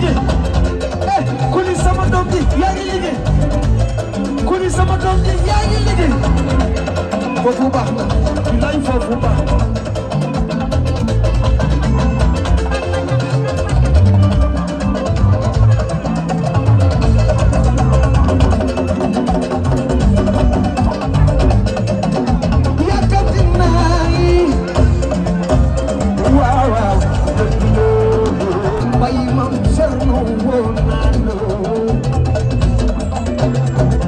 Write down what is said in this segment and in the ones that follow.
liggéey eh ku ni sama doom ji yaa ngi liggéey ku ni sama doom ji yaa ngi liggéey foofu baax na bilaay foofu baax bu you.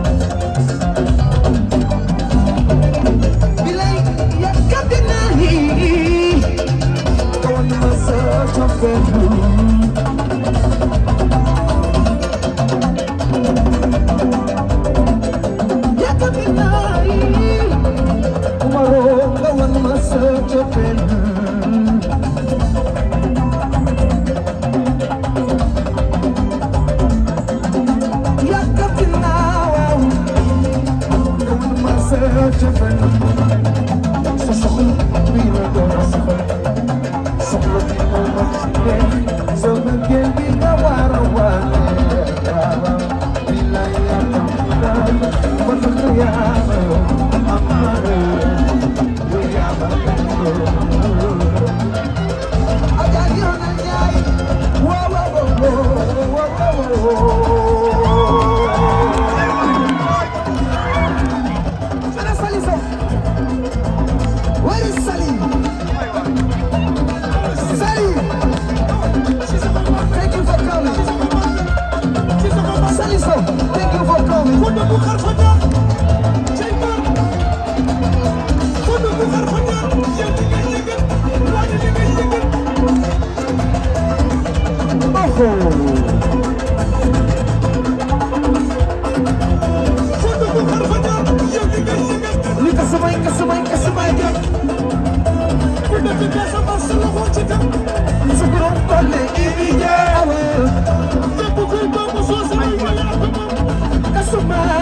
so much.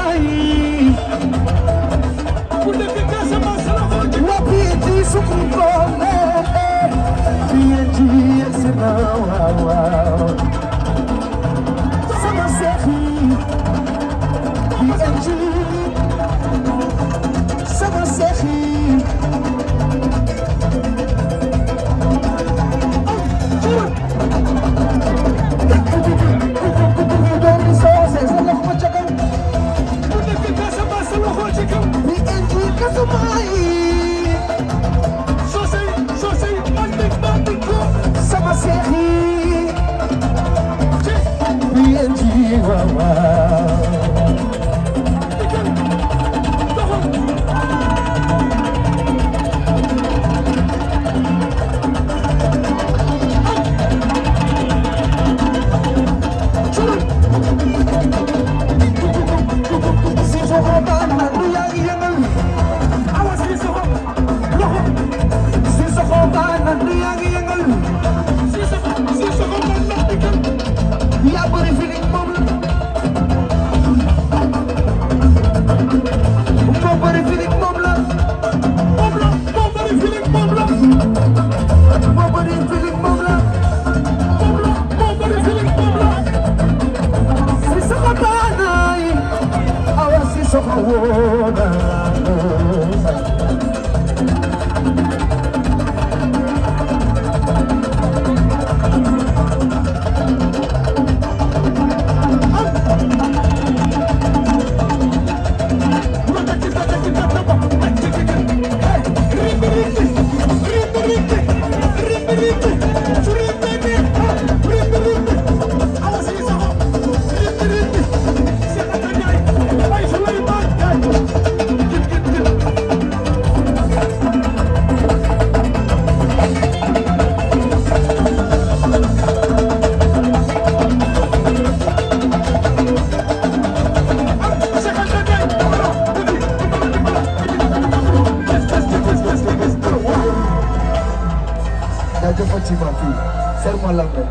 dafa ci ma fii sermo lambe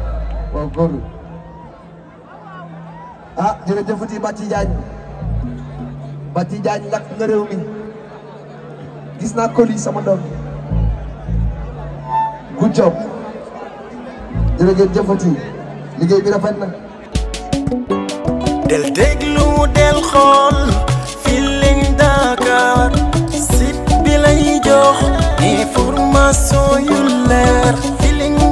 waaw góor ah jërëjëfati Bati Diagne Bati Diagne lakk nga réew mi gis naa ko lii sama doom good job liggéey bi rafet na del déglu del xool Feeling Dakar site bi lay jox information leer